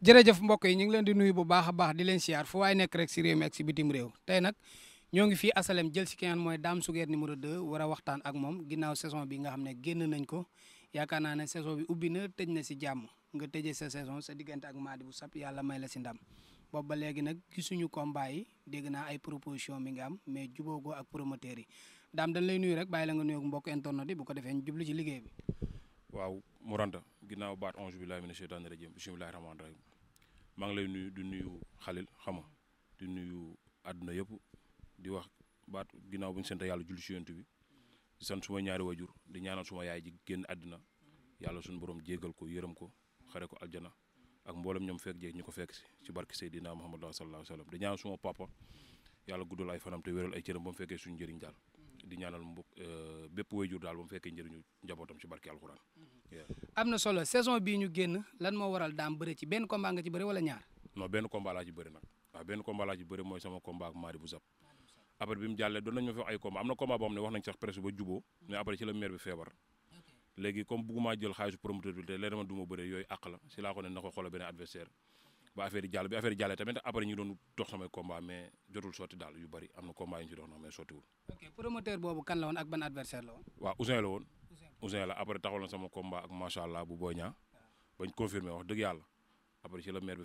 jërëjëf mbokk yi ñu ngi leen di nuyu bu baax a baax di leen siyaar fu waay nekk rek si réew mi ak si bitim réew tey nag ñoo ngi fi asalem jël si keneen mooy Dame Souguer numéro 2 war a waxtaan ak moom ginnaaw saison bi nga xam ne génn nañ ko yaakaar naa ne saison bi ubbi na tëj na si jàmm nga tëjee sa saison sa diggante ak maadi bu sap yàlla may la si ndam boobu ba léegi nag gisuñu combat yi dégg naa ay proposion bi nga am mais juboo ak promoteurs yi Dame dañ lay nuyu rek bàyyi la nga nuyoog mbokk internet yi bu ko defee ñu jublu ci liggéey bi waaw Moranta ginnaaw baat onze billahi mina sheytaani rajim bismillahi rahmaani rahim maa ngi lay nuyu di nuyu xalil xama di nuyu àdduna yëpp di wax baat ginnaaw bu ñu sant yàlla julli si yonent bi di sant suma ñaari wajur di ñaanal suma yaay ji génn àddina yàlla suñu borom jéggal ko yërëm ko xare ko aljana ak mboolem ñoom fekk jeeg ñu ko fekk si ci barke Seydina Muhammad sallallahu alayhi wa sallam di ñaanal suma papa yàlla guddal ay fanam te wéral ay cëram ba mu fekkee suñu njëriñ daal di ñaanal mbokk euh, bépp waajur daal ba mu fekkee njëriñu njabootam ci barke alxuraan. Mm-hmm. am na solo saison bii ñu génn lan moo waral daam bëre ci benn combat nga ci bëre wala ñaar. non benn combat laa ci bëri nag waaw benn combat laa ci bëri mooy sama combat ak bu Zap. après bi mu jàllee doon nañ ma fi ay combat am na combat boo ne wax nañ sax presque ba juboo mais après ci la maire bi feebar. léegi comme bëgguma jël xaalisu promoteur bi te na ma du ma bëre yooyu àq la si laa ko ne ba affaire yi jàll bi affaire yi jàllee tamit après ñu doon dox samay combat mais jotul sotti daal yu bëri am na combat yu ñu ci dox nag mais sottiwul. ok promoteur la woon ak ban adversaire la woon. après taxawal sama combat ak macha allah bu Boy Niang bañ confirmé yàlla après ci la maire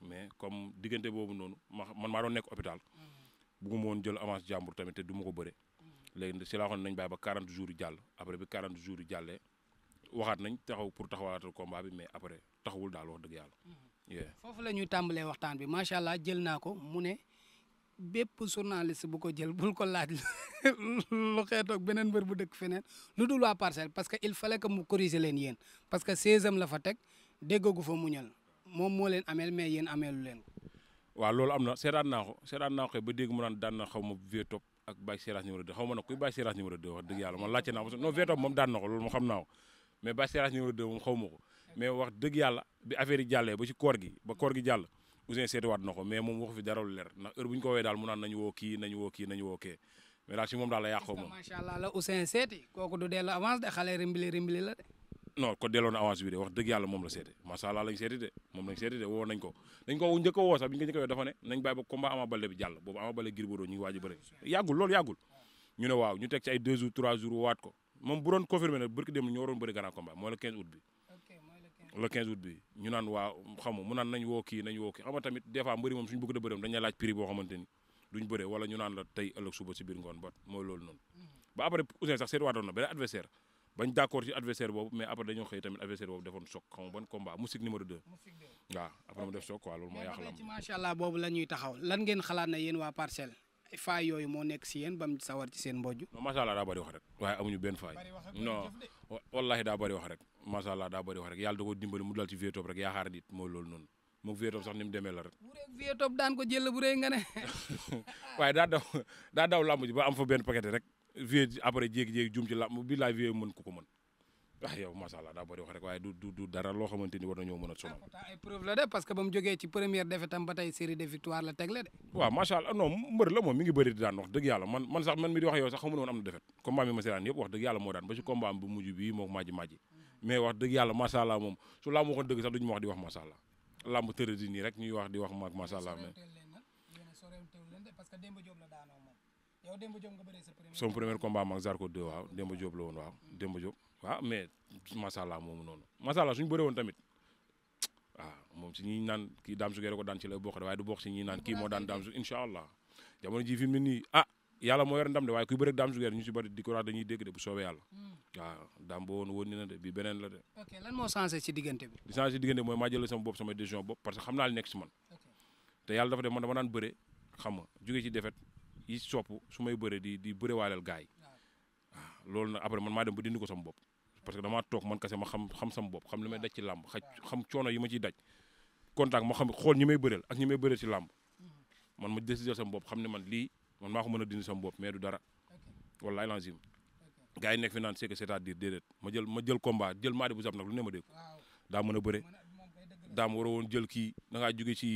mais comme diggante boobu noonu ma man maa doon nekk hôpital. Mm-hmm. bugguma woon jël avance jàmbur tamit te ma ko bëre. Mm-hmm. léegi si laa waxoon nañ bàyyi ba 40 jours jàll après bi 40 jours yu jàllee waxaat nañ taxaw pour taxawalaatal combat bi mais après taxawul daal wax dëgg yàlla mm-hmm. foofu la ñuy tàmbalee waxtaan bi macha allah jël naa ko mu ne bépp journaliste bu ko jël bul ko laaj lu xeetoog beneen mbër bu dëkk feneen lu dul waa parcelle parce que il fa que mu corriger leen yéen parce que seizième la fa teg déggagu fa mu muñal moom moo leen ameel mais yéen ameelu leen ko. waaw loolu am na seetaan naa ko seetaan naa ko ba dégg mu naan daan na xaw ma vieux top ak Baye Seras numéro 2 xaw ma nag kuy Baye Seras numéro 2 yàlla man laajte naa ko non vieux top moom daan na ko loolu moom xam naa ko xaw ma ko. mais wax dëgg yàlla bi affaire yi jàllee ba ci koor gi ba koor gi jàll Ouzin seetiwaat na ko mais moom waxu fi dara leer ndax heure ñu ko woowee daal mu naan nañu woo kii nañu woo kii nañu woo kee mais daal si moom daal la yàqoo moom. la seeti kooku lañ seeti de moom lañ seeti de woo nañ ko dañ ko njëkk a woo sax bi ñu ko njëkk a dafa ne nañ bàyyi ba combat Ama Baldé bi jàll boobu Ama Baldé Gris Bordeaux ñu ngi waaj a bëri yàggul loolu yàggul ñu ne waaw ñu teg ci ay deux le 15 août bi ñu naan waa xam mu naan nañ woo kii nañ woo kii xam tamit des fois mbëri moom suñu bëgg da bëreem dañuy laaj prix boo xamante duñ bëree wala ñu naan la tey ëllëg suba si biir ngoon ba mooy loolu noonu ba après Ousseyn sax seet waatoon na adversaire bañ d'accord ci adversaire boobu mais après dañoo xëy tamit adversaire boobu def choc quoi loolu moo yàq la allah boobu la taxaw lan ngeen xalaat na yéen waa parcelle faay yooyu moo nekk si yéen ba mu sawar ci seen mbojj. non macha allah daa bëri wax rek waaye amuñu benn faay. non wallahi daa bëri wax rek macha allah daa bëri wax rek yàlla da ko dimbali mu dal ci vieux top rek yaakaar nit mooy loolu noonu moom vieux sax ni mu demee la rek. bu rëy vieux top daan ko jël bu rëy nga ne. waaye daa daw daa daw làmb am fa benn paquet rek vieux après jéeg-jéeg jum ci làmb bi laa vieux mën ku ko mën ah yow macha allah daa bëri wax rek waaye du du dara loo xamante ni war na ñoo mën a sonal. ay preuve la de parce que ba mu jógee ci première défaite am ba tey série de victoire la teg la de. waaw macha allah mbër la moom mi ngi bëri di daan wax dëgg yàlla man sax man mi di wax yow sax xamu na woon am na défaite combat ma seetaan yëpp wax dëgg yàlla moo daan ba ci combat am bu mujj bii moo maaji maaji mm-hmm. mais wax dëgg yàlla macha allah moom su làmb waxoon dëgg sax duñu ma wax di wax macha allah làmb tërë rek ñuy wax di wax waaw Demba woon waaw Demba waaw mais macha allah moomu noonu macha allah suñu bëree woon tamit waaw moom si ñuy naan kii daam su gee ko daan ci lay bokk de waaye du bokk si ñuy naan kii moo daan daam su incha allah jamono ji fi mu ne nii ah yàlla moo yor ndam de waaye kuy bëreeg daam su gee ñu si di soobee yàlla hmm. daam boo lan moo changé si diggante bi. changé si diggante bi mooy maa jël sama bopp sama décision bopp parce que xam naa li nekk si te yàlla dafa de man dama daan bëre xam nga jóge ci defet i sopp su may bëree di di bëre waaleel gaay loolu nag après man maa dem ba dindi ko sama bopp parce que damaa toog man kese ma xam xam sama bopp xam li may daj ci làmb xam coono yi ma ciy daj contact ma xam xool ñi may bëreel ak ñi may bëreel ci làmb man ma décider sama bopp xam ne man lii man maa ko mën a dindi sama bopp mais du dara wallaay lazim gars yi nekk fi naan c'est que cest ma jël ma jël combat jël maadi bu zab nag lu ne ma dégg daa mën a bëre daam war a woon jël kii da ngaa jóge ci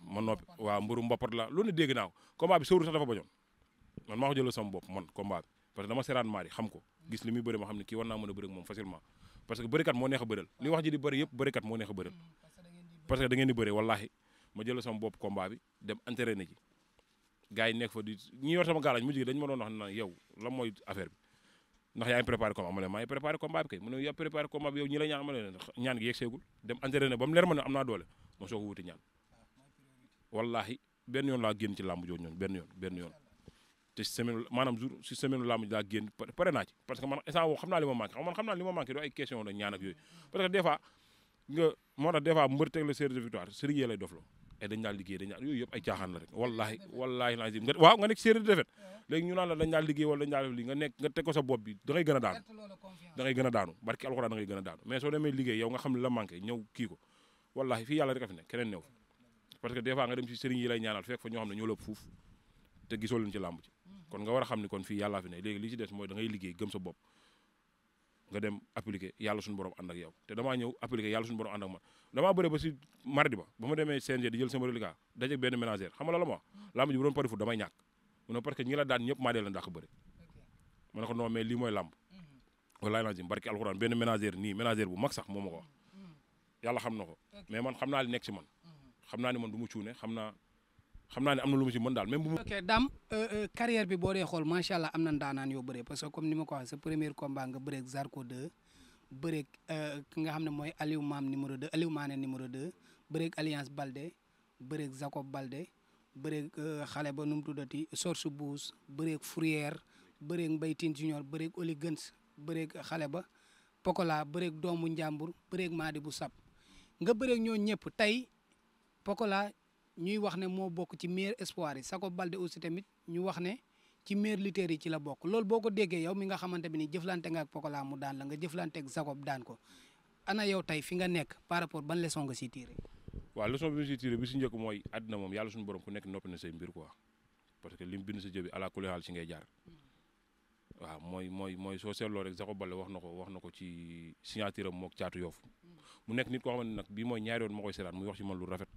ma noppi waa mburu mbapat la lu ne dégg naaw combat bi sóoru sax dafa bañoon man maa ko jëlal sama bopp man combat parce que dama seraan maari xam ko gis li muy bëri ma xam ne kii war naa mën a bëri ak moom facilement parce que bërikat moo neex a bëral li wax ji di bëri yëpp bërikat moo neex a bëral parce que da ngeen di bëri wallaahi ma jël sama bopp combat bi dem entraîné ji gars yi nekk fa di ñi sama gaalañ mujj gi dañu ne yow lan mooy affaire bi ndax yaa ngi préparé combat bi kay la ñaan ma ne ñaan gi yegg seegul dem entraîné ba mu leer ma ne am naa doole ma soog benn yoon laa te semaine maanaam jour si semaine làmb laa génn pare naa ci parce que man instant woo xam naa li ma manqué man xam naa li ma manqué doo ay question la ñaan ak yooyu parce ay dañ la rek wallahi waaw nga nekk série de défaite léegi ñu a daanu da ngay a alxuraan da ngay a daanu mais soo demee liggéey yow nga xam la manqué ñëw kii wallahi fii yàlla rek a fi nekk keneen new parce que des nga dem si sëriñ yi lay ñaanal fekk fa ñoo kon nga war a xam ni kon fii yàllaa fi ne léegi li ci des mooy da liggéey gëm sa bopp nga dem appliquer yàlla suñu borom ànd ak yow te damaa ñëw appliquer yàlla suñu borom ànd ak man damaa bëre ba si mardi ba ba ma demee CNG di jël sama reliquat dajeeg benn ménagère xam nga la ma wax làmb ji bu damay ñàkk parce que ñi la daan ñëpp maa dee leen dàq bëre ma ne ko non mais lii mooy làmb walaay naa si ma ko mhm. na ko mais man xam naa li nekk si mhm. ni man du mu cuune xam xam naa ne am na lu ma ci mën daal même bu mu. ok Dame euh, euh, carrière bi boo dee xool macha allah am na ndaanaan yoo bëree parce que comme ni ma ko premier combat nga bëreeg Zarko 2 bëreeg euh, ki nga xam ne mooy Aliou Maam numéro 2 Aliou Mané numéro 2 bëreeg Alliance Balde bëreeg Jacob Balde bëreeg xale ba nu mu tuddati Source Bouss bëreeg Fourière bëreeg Mbaye Tine Junior bëreeg Oli Gëns xale ba Pokola bëreeg doomu Njàmbur bëreeg Madi bu Sab nga bëreeg ñëpp tey ñuy wax ne moo bokk ci meilleur espoir yi Sako Balde aussi tamit ñu wax ne ci meilleur lutteur yi ci la bokk lool boo ko déggee yow mi nga xamante bi ni jëflante nga ak Pokola mu daan la nga jëflante ak Sako daan ko ana yow tey fi nga nekk par rapport ban leçon nga siy tiré. waaw leçon bi ñu siy tiré bi si njëkk mooy àddina moom yàlla suñu borom ku nekk noppi na say mbir quoi parce que lim bind sa jëbi ala kulli haal ngay jaar. waaw mooy mooy mooy soo seetloo rek Sakho Balde wax na ko wax na ko ci signature am moog caatu yoofu mu nekk nit koo xam ne nag bii mooy ñaari ma lu rafet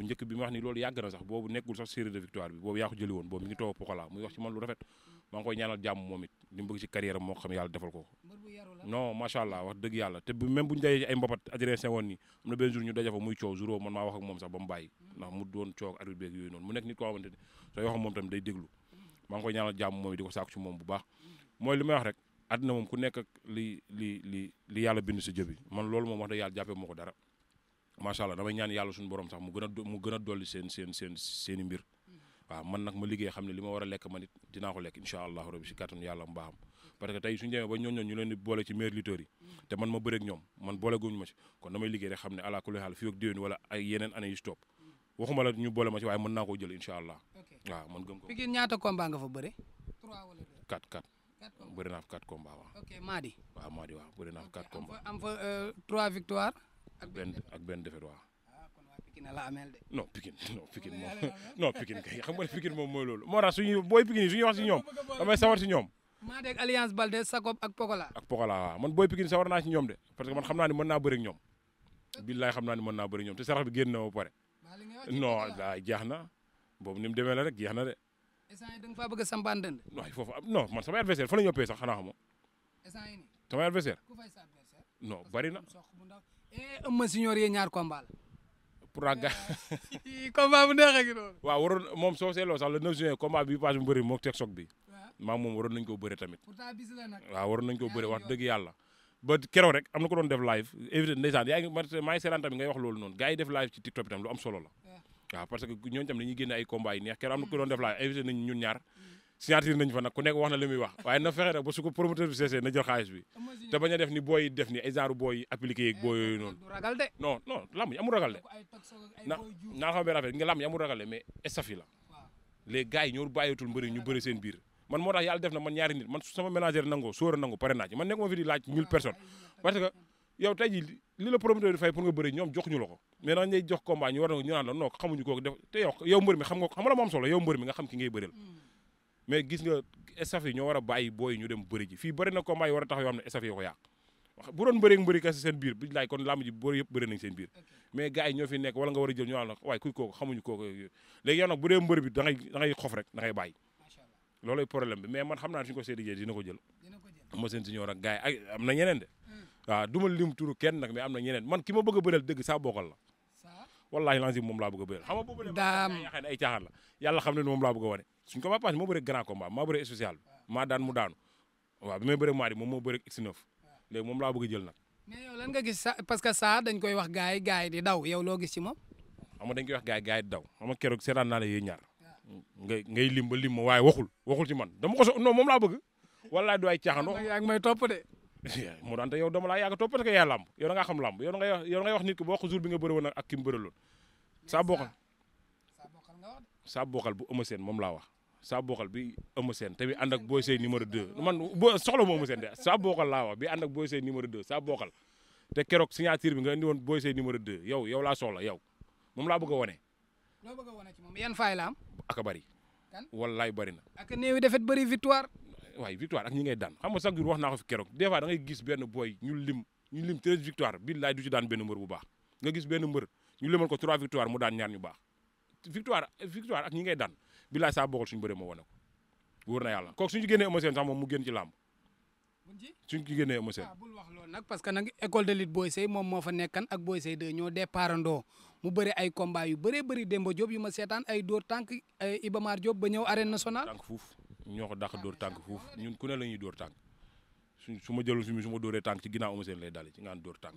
bu njëkk bi ma wax ni loolu yàgg na sax boobu nekkul sax série de victoire bi boobu yaa ko woon boobu mi ngi toog Pokola muy wax mm. mu yàlla defal ko non macha allah wax dëgg yàlla te même bu ñu dajee ay mm. nekk nit koo wax moom tamit day déglu maa koy ñaanal jàmm moom di ko sàkku ci moom bu baax mm. mooy li may wax rek àddina moom ku nekk ak li li li yàlla bind sa jëbi man loolu moom wax dëgg yàlla jàppee moo ko dara macha allah damay ñaan yàlla suñu borom sax mu gën a mu gën a dolli seen seen seen seen i waaw man nag ma liggéey xam ne li ma war a lekk man it dinaa ko lekk incha allahu rabi si kàttanu yàlla mu parce que tey suñu demee ba ñooñu ñu leen boole ci meilleurs lutteurs te man ma bëreeg ñoom man boole guñu ma ci kon damay liggéey rek xam ne alaa kulli xaal fii ak déwén ay yeneen année yu si waxuma la ñu boole ma ci waaye mën naa koo jël incha naa fa 4 combat waaw. ak benn ak benn defet waaw. Ah, Pikine la amel de. non Pikine non Pikine moom non Pikine kay xam nga Pikine moom mooy loolu moo tax suñuy booy Pikine yi suñuy wax si ñoom damay sawar booy Pikine sawar si ñoom de parce que man xam naa ne mën naa bëri ñoom. billaay xam naa ne mën naa bëri ñoom te sarax bi génn na ba pare. non jeex na boobu da a sampaan dënd. waaye foofu non man samay adversaire fa la ñu sax xanaa xamoo. samay adversaire. ku fay sa Eh, Eumeu Junior yee ñaar combat la. pour ak ga. Eh, combat bu neexee gi noonu. waaw moom soo seetloo sax le 9 juin combat bi passe bu bëri moog teg soog bi. maa moom waroon nañ koo bëre tamit. waaw waroon nañ koo bëre wax dëgg yàlla. ba keroog rek am na ko doon def live éviter ndeysaan yaa ngi maa tamit ngay wax loolu noonu gars yi def live ci TikTok bi tam lu am solo la. waaw parce que ñooñu tam dañuy génne ay combat yi neex keroog am na ko mm. doon def live signature nañ fa nag ku nekk wax na li muy wax waaye na fexe nag ba su promoteur bi seesee na jël xaalis bi te bañ def ni booy def ni ay booy yi booy noonu eh, non non ragal de na naa xam ne rafet nga lamb yi ragal de mais estaf yi la les gars yi ñoo bàyyitul mbëri ñu bëri seen biir man moo tax yàlla def na man ñaari nit man su sama ménagère nangoo sóora pare naa man nekk ma fi di laaj mille personnes parce que yow tey jii la promoteur nga bëri ñoom jox ñu mi xam nga xam la moom mais gis nga staff yi ñoo war a bàyyi booy ñu dem bëri ji fii bëri na combat yi war a taxaw yoo xam ne staff ko yàq wax mbëri yëpp bëri a jël ñu naan waaye kuy kooku xamuñu kooku léegi yow nag bu dee mbër bi da xof rek da ngay bàyyi loolay problème bi mais man xam naa suñu ko seedi jee dina ko jël ma seen si ñoo ak gars yi am na ñeneen de mm. waaw du lim turu kenn nag mais am na ñeneen man ki ma bëgg a bëreel dëgg saa bokkal la wallaahi lancé moom laa bëgg a bëri xam nga ay caaxaan la yàlla xam ne moom laa bëgg a wane suñ ko ba passé moo bëri grand combat maa bëri spécial maa daan mu daanu waaw bi may bëri maa di moom moo bëri x moom laa bëgg a jël nag sa parce que ça dañ koy wax gars yi gars yi di daw yow loo gis ci moom xam dañ koy wax gars yi di daw xam nga keroog seetaan naa la yéen ñaar ngay ngay lim ba lim ma waaye waxul waxul ci man dama ko so moom laa mu daan te yow laa yàgg topp parce que yaa làmb yow xam làmb yow da ngay nit ki boo ko jour bi nga bëri woon ak ki mu bëriloon saa bokkal saa bokkal bu ëmma seen moom laa wax saa bokkal bi ëmma seen te bi ànd ak booy sey numéro 2 man bo soxla mu ëmma seen de saa bokkal laa wax bi ànd ak booy sey numéro 2 saa bokkal te keroog signature bi nga indi woon booy sey numéro 2 yow yow laa soxla yow moom laa bëgg a wane. loo bëgg a ci moom yan faay la am. ak a bëri. waaye victoire ak ñi ngay daan xam nga chaque jour wax naa ko keroog des fois gis benn booy ñu lim ñu lim treize victoire billaay du ci daan benn mbër bu baax nga gis benn mbër ñu limal ko trois victoire mu daan ñaar ñu baax victoire victoire ak ñi ngay daan billaay saa bokkul suñu bëree moo wane ko wóor na yàlla kooku suñu génnee Eumeu Sène sax moom mu génn ci làmb suñ génnee Eumeu ah, wax loolu nag parce que nag école de lutte Boy Sey moom moo fa nekkan ak Boy Sey 2 ñoo bëri ay combat yu bëree ma seetaan ay dóor tànk Iba Mar ba ñëw arène nationale tànk fuuf ñoo ko dàq dóor tànk foofu ñun ku ne la ñuy dóor tànk su su ma jëloon suñu su ma dóoree tànk ci ginnaaw Eumeu Sène lay dali ci ngaan dóor tànk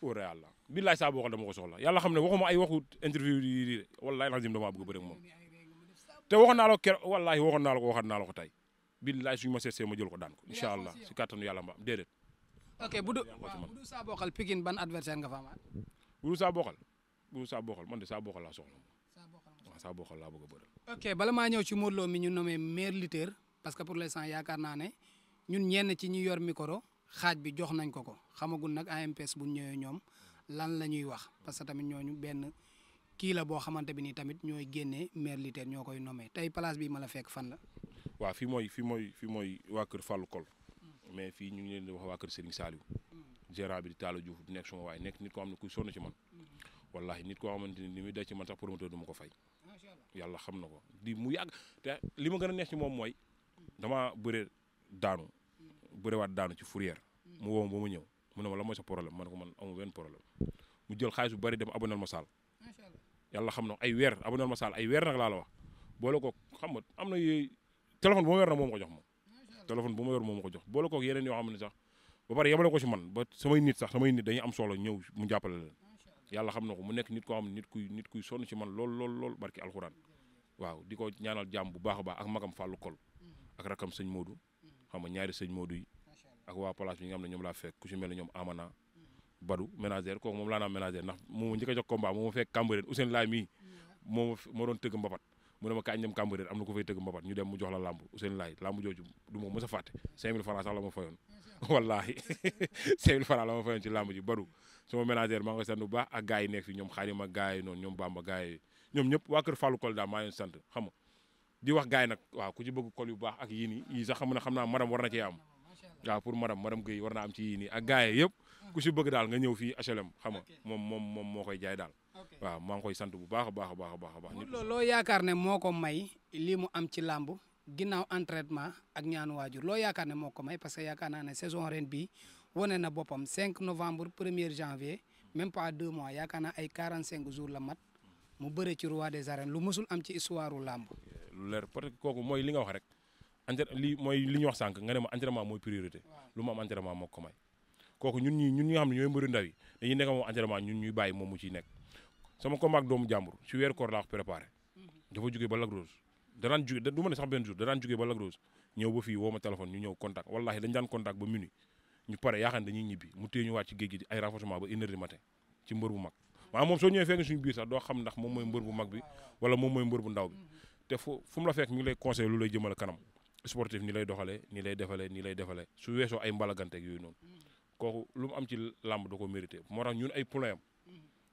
wóor yàlla billaay saa boo xam dama ko soxla yàlla xam ne waxuma ay waxu interview yi di wallaay lazim damaa bëgg bëre ak moom te waxoon naa la ko keroog wallaay waxoon naa la ko waxaat naa la ko tey billaay suñu ma ma jël ko daan ko incha allah si kàttanu yàlla mbaam déedéet ok bu du saa bokkal Pikine ban adversaire nga fa amaat bu du saa bokkal bu du saa bokkal man de saa bokkal laa soxla waaw saa bokkal laa bëgg a ok bala maa ñëw ci Modou mi ñu nommé meilleur lutteur parce que pour l'instant yaakaar naa ne ñun ñenn ci ñu yor micro xaaj bi jox nañ ko ko xamagul nag AMPS bu ñëwee ñoom lan la ñuy wax parce que tamit ñu benn kii la boo xamante bi nii tamit ñooy génne meilleur lutteur ñoo koy nommé tey place bi ma la fekk fan la. waa fii mooy fii mooy fii mooy waa kër Fallou Kol mais fii ñu ngi leen di wax waa kër Serigne Saliou. gérant bi di Talla Diouf di nekk suma waaye nekk nit koo xam ci man. Mm-hmm. wallaahi nit koo xamante ni li muy daj ci man sax promoteur du ma ko fay. yàlla xam na ko di mu yàgg te li ma gën a neex ci moom mooy damaa bëre daanu bërewaat daanu ci fourrière mu woo ba ma ñëw mu na ma la mooy sa problème ma ne ko man amul benn problème mu jël xaalis bu bari dem abonel ma saal yàlla xam na ay weer abonel ma saal ay weer nag laa wax boole ko xam nga am na yooyu téléphone bu ma yor na moom ko jox moom téléphone bu ma yor moom ko jox boole ko yeneen yoo xam ne sax ba pare yemale ko si man ba samay nit sax samay nit dañuy am solo ñëw mu jàppale leen yàlla xam na ko mu nekk nit koo xam ne nit kuy nit kuy sonn ci man lool lool lool barki alxuraan waaw di ko ñaanal jàmm bu baax a baax ak magam fàllu kol ak kam sëñ Modou xam nga ñaari sëñ Modou yi ak waa place bi nga ne ñoom laa fekk ku ci mel ne ñoom Amana Badou ménagère kooku moom laa naa ménagère ndax moo ma njëkk a jox combat moo ma fekk Cambérène Ousseyne Laay mii moo ma doon tëgg mbapat mu ne ma kañ dem Cambérène am na ko fay tëgg mbapat ñu dem mu jox la làmb Ousseyne Laay làmb jooju du ma mës a fàtte 5000 francs sax la ma fayoon wallaahi 5000 francs la ma fayoon ci làmb sama ménagère maa ngi koy sant bu baax a gars nekk fi ñoom xaarima gars yi noonu ñoom bamba gars yi ñoom ñëpp waa kër Fallou Kolda maa leen sant xam di wax gars nag waaw pour madame madame Guèye war am ci yii nii ak gars ku ci bëgg daal nga ñëw fii HLM xam nga moom moom moom moo koy jaay daal waaw maa ngi koy sant a a a a baax ko may lii mu am ci làmb ginnaaw entraînement ak ñaanu waajur loo yaakaar ne moo ko may parce que yaakaar naa ne saison ren bii wane na boppam cinq novembre première er janvier même pas deux mois yaakaar naa ay cinq jours la mat mu bëre ci roi des arènes lu mësul am u làmb. lu li nga wax rek entrain li mooy li ñu wax sànq nga ne ma mooy priorité. lu mu am entraînement moo ko may. kooku ñun ñi ñun ñoo xam ne ñooy mbëru ndaw yi dañuy nekk moom entraînement ñun ñuy bàyyi moom mu ciy nekk sama combat ak doomu jàmbur ci weeru koor laa wax préparé. Mhm. sax benn jour danaan jugee ba lagrose ñëw ba fii woo téléphone ñu ñëw contact wallahi dañ daan contact ba minuit ñu pare yaakaar dañuy ñibbi mu téye ñu waat ci géej gi ay renforcement ba une heure du matin ci mbër bu mag waaw moom soo ñëwee fekk suñu biir sax doo xam ndax moom mooy mbër bu mag bi wala moom mooy mbër bu ndaw te fu fu mu la ñu ngi lay conseil lu lay jëmal kanam sportif ni lay doxalee ni lay defalee ni lay defalee su weesoo ay mbalaganteeg noonu kooku lu mu am ci làmb da ko mérité moo tax ñun ay problème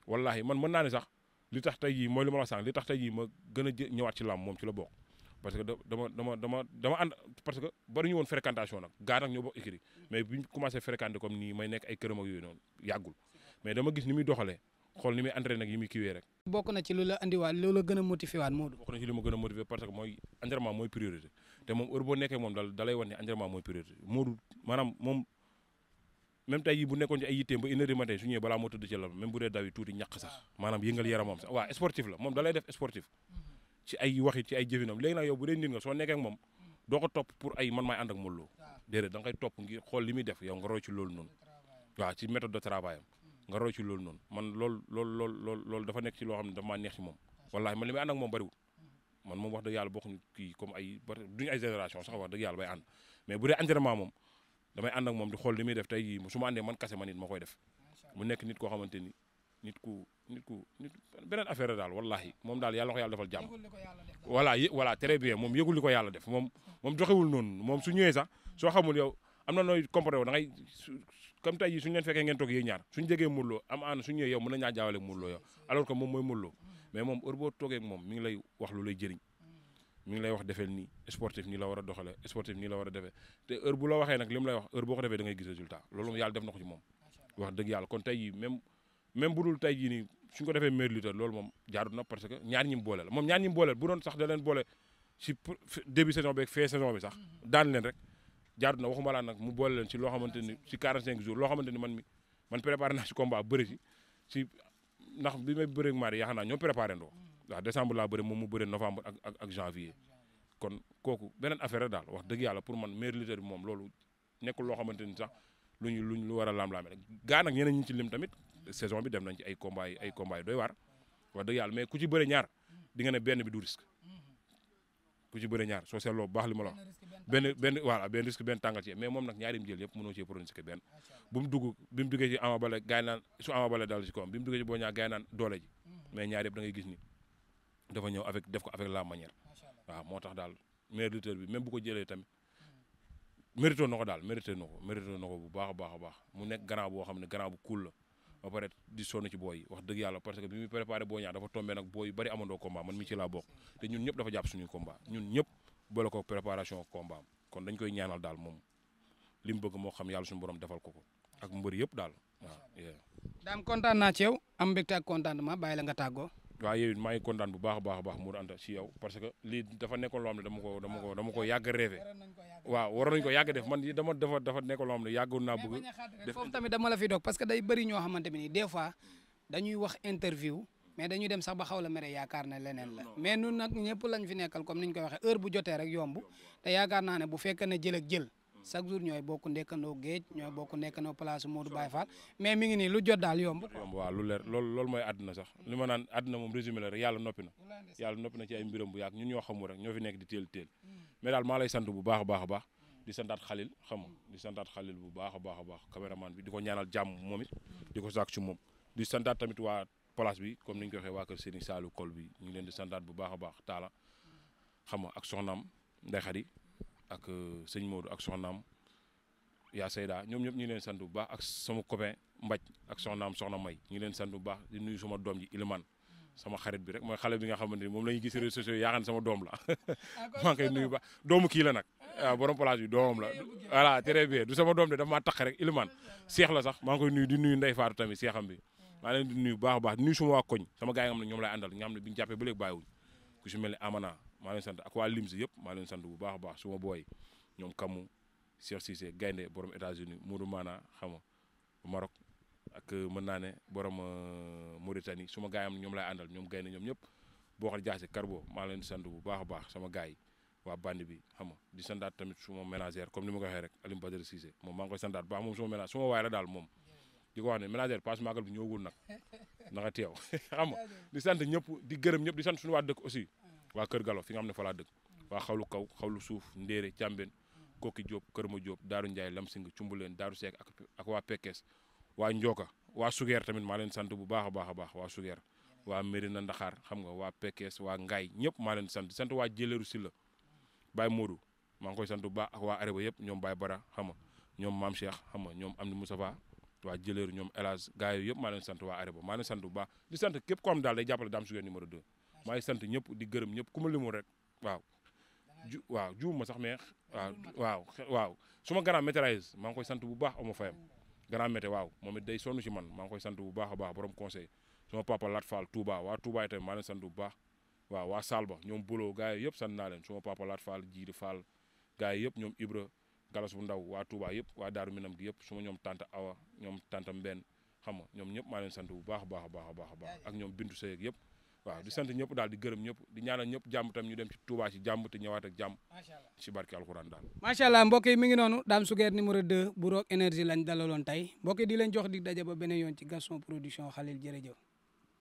wallahi man mën naa ne sax li tax tey jii mooy li ma li tax tey jii ma gën a ñëwaat ci làmb moom ci la bokk parce que dama dama dama bari ñu woon fréquentation nag gaa nag ñoo bokk écrit mais bi ñu commencé fréquenter comme nii may nekk ay këram yooyu noonu yàggul mais dama gis ni muy doxalee xool ni muy gën a motivé waat Modou. bokk na ne entraînement mooy priorité Modou maanaam moom même tey yi bu nekkoon ci ay yitteem ba une heure du matin su ñëwee balaa moo tëdd ci la même bu dee daw waa sportif la moom da def sportif ci ay waxi ci ay jëfinam léegi nag yow bu dee nit nga soo nekkee moom doo ko topp pour ay man maay ànd ak Modou Lo déedéet da topp ngir xool li muy def yow nga roy ci loolu noonu waaw ci loolu noonu man loolu loolu loolu loolu loolu dafa nekk ci loo xam ne dafa maa neex ci moom wallaahi man li may comme ay duñu ay génération sax wax dëgg yàlla bay ànd mais bu dee entraînement moom damay ànd ak moom di xool li muy def tey jii su ma àndee man kase man nit ma koy def mu nekk nit koo xamante ni nit ku nit ku beneen affaire daal wallahi moom daal yàlla ko yàlla defal jàmm. voilà yë bien moom yëgul li ko yàlla def moom moom su ñëwee sax soo xamul yow am na nooy comporté woo da ngay comme tey jii suñu leen fekkee ngeen toog yéen ñaar suñu jegee Modou am aan suñu ñëwee yow mën na ñaa jaawale Modou Lo yow alors moom mooy Modou mais moom heure boo moom mi lay wax defeel nii sportif nii la war a doxalee sportif nii la war a defee te heure la waxee nag suñ ko defee meilleur lutteur loolu moom jaarut na parce que ñaar ñi mu boole la moom ñaar ñi mu boole la bu doon sax da boole si début saison bi fin saison bi sax mm-hmm. daan leen rek jaarut na waxuma laa nag mu boole leen si loo xamante ni si 45 jours loo xamante ni man mi man préparé naa si combat bëri si si ndax bi ma bëri ak Marie yaakaar naa ñoo préparé ndoo waaw mm-hmm. décembre la bëri moom mu bëri novembre ak ak ak janvier kon kooku beneen affaire daal wax dëgg yàlla pour man meilleur lutteur bi moom loolu nekkul loo xamante ni sax luñu luñ lu war a laam-laame gaa nag ñeneen ñi ci lim tamit saison bi dem nañ ci ay combats ay combats doy waar wax dëgg yàlla mais ku ci bëre ñaar di nga ne benn bi du risque ku ci bëre ñaar soo seetloo baax li ma la benn benn voilà benn risque benn tàngal ci mais moom nag ñaari mu jël yëpp mënoo cee pronostiquer benn bu mu dugg bi mu duggee ci Ama Baldé gaay naan su Ama Baldé dal ci kawam bi mu duggee ci Boy Niang gaay naan mm-hmm. mais ñaar yëpp da gis ni dafa ñëw avec def ko avec la manière waaw moo tax daal meilleur lutteur bi même bu ko jëlee tamit mérité na ko daal mérité na ko mérité na ko bu baax a baax a baax mu nekk grand boo xam ne grand bu la ba pare di sonn ci booy wax dëgg yàlla parce que bi muy préparé boo ñaa dafa tombé nag booy yu bëri amandoo combat man mi ci laa bokk te ñun ñëpp dafa jàpp suñuy combat ñun ñëpp boole ko préparation combat kon dañ koy ñaanal daal moom li bëgg moo xam yàlla suñu borom defal ko ko ak mbër yëpp daal waaw. daam kontaan naa am mbégte ak kontaan ma bàyyi la nga tàggoo. waaw yow it maa ngi kontaan bu baax a baax a baax Mour Anta si yow parce que lii dafa nekkoon loo xam ne dama ko dama ko yàgg rêvé waaw waroon nañu ko yàgg def man dafa nekkoon loo xam ne yàggoon naa bëgg foofu tamit dama la fi dog parce que day bëri ñoo xamante ni des fois dañuy wax interview mais dañuy dem sax ba xaw la mere yaakaar na leneen la mais nun nag ñëpp lañ fi nekkal comme niñ koy waxee heure bu jotee rek yomb te yaakaar naa ne bu fekkee ne jël ak jël chaque jour ñooy bokk nekkandoo géej ñooy bokk nekkandoo place Modou Baye Fall mais mi ngi nii lu jot daal yomb. yomb waaw lu leer lool loolu mooy àdduna sax li ma naan àdduna moom résumé la rek yàlla noppi na yàlla noppi na ci ay mbiram bu yàgg ñun ñoo xamul rek ñoo fi nekk di teel teel mais daal maa lay sant bu baax a baax a baax di santaat xalil xam nga di santaat xalil bu baax a baax a baax caméraman bi di ko ñaanal jàmm moom it ko sàkk ci moom di tamit waa place bi comme ni ñu ko waxee waa kër Serigne Saliou Kol bi ñu ngi leen di santaat bu a baax taala xam nga ak soxnaam Ndeye Khady ak euh, sëñ Modou ak soxnaam yaa Seyda ñoom ñëpp ñu leen sant bu baax ak sama copain Mbaj ak soxnaam soxna May ñu leen sant baax di nuyu sama doom ji Iliman sama xarit bi rek mooy xale bi nga xamante ni moom la ñu gis yaa sama doom la ah, maa ngi koy nuyu baax nag waaw borom place la voilà du sama doom de maa taq rek Iliman seex la sax maa ngi koy di nuyu Ndey Faatu tamit seexam bi maa leen di nuyu bu baax a baax di nuyu sama waa koñ sama gars yi nga ñoom lay àndal nga xam ne bi ñu jàppee ba léegi bàyyiwuñ ku si mel ni Amana maa leen sant ak yëpp maa leen sant bu baax a baax su ma booy ñoom kamu Cheikh Cissé gaynde borom États-Unis Modou Mana xam nga Maroc ak euh, mën naa ne borom euh, Mauritanie su ma gaayam ñoom laay àndal ñoom gaynde ñoom ñëpp boo xam jaase Carbo maa leen sant bu baax a baax sama gaay waa bandi bi xam nga di sandaat tamit suma ménagère comme ni ma ko waxee rek Alioune Badara Cissé moom maa ngi koy sandaat baax suma ménagère suma waay la daal moom di ko wax ne ménagère passe magal bi ñëwagul nag naka teew xam nga di ñëpp di gërëm ñëpp di sant suñu waa waa Kër Galo fi nga am ne fa laa dëkk waa xawlu kaw xawlu suuf ndéere càmbeen kokki Diop Kër Ma Diop Daaru Ndiaye Lamsinga Cumbuleen Daaru Seek ak ak waa Pekes waa Njoka waa Sugeer tamit maa leen sant bu baax a baax a baax waa Sugeer waa na Ndaxaar xam nga waa Pekes waa Ngaay ñëpp maa leen sant sant waa Jëleeru Silla Baye Modou maa ngi koy sant bu baax ak waa Areba yëpp ñoom Baye Bara xam nga ñoom Maam Cheikh xam nga ñoom Amdi Moustapha waa Jëleeru ñoom El Hadj gars yooyu yëpp maa leen sant waa Areba maa leen sant bu baax di sant képp ko daal day jàppale Dame Sugeer numéro 2 maa ngi sant ñëpp di gërëm ñëpp ku ma limul rek waaw. ju waaw juum ma sax mais waaw waaw waaw suma grand maîtrise maa sant bu baax amu fayam grand maître waaw moom it day sonn si man maa ngi koy sant bu baax abaax baax borom conseil suma papa Lat Fall Touba waa Touba itam maa leen sant bu baax waaw waa Salba ñoom bulo gars yi yëpp sant naa leen suma papa Lat Fall Jiiri Fall gars yëpp ñoom Ibra Galas bu ndaw waa Touba yëpp waa Daaru Minam gi yëpp suma ñoom tante Awa ñoom tante Mbenn xam nga ñoom ñëpp maa leen sant bu baax a baax baax a ak ñoom Bintu Seye yëpp. waaw di sant ñëpp daal di gërëm ñëpp di ñaanal ñëpp jàmm tam ñu dem ci Touba ci jàmm te ñëwaat ak jàmm ci barke alxuraan daal macha allah mbokk yi mi ngi noonu Dame Souguer numéro 2 bu Rock énergie lañ mbokk di leen jox di daje ba beneen yoon ci Gaston Production Xalil jërëjëf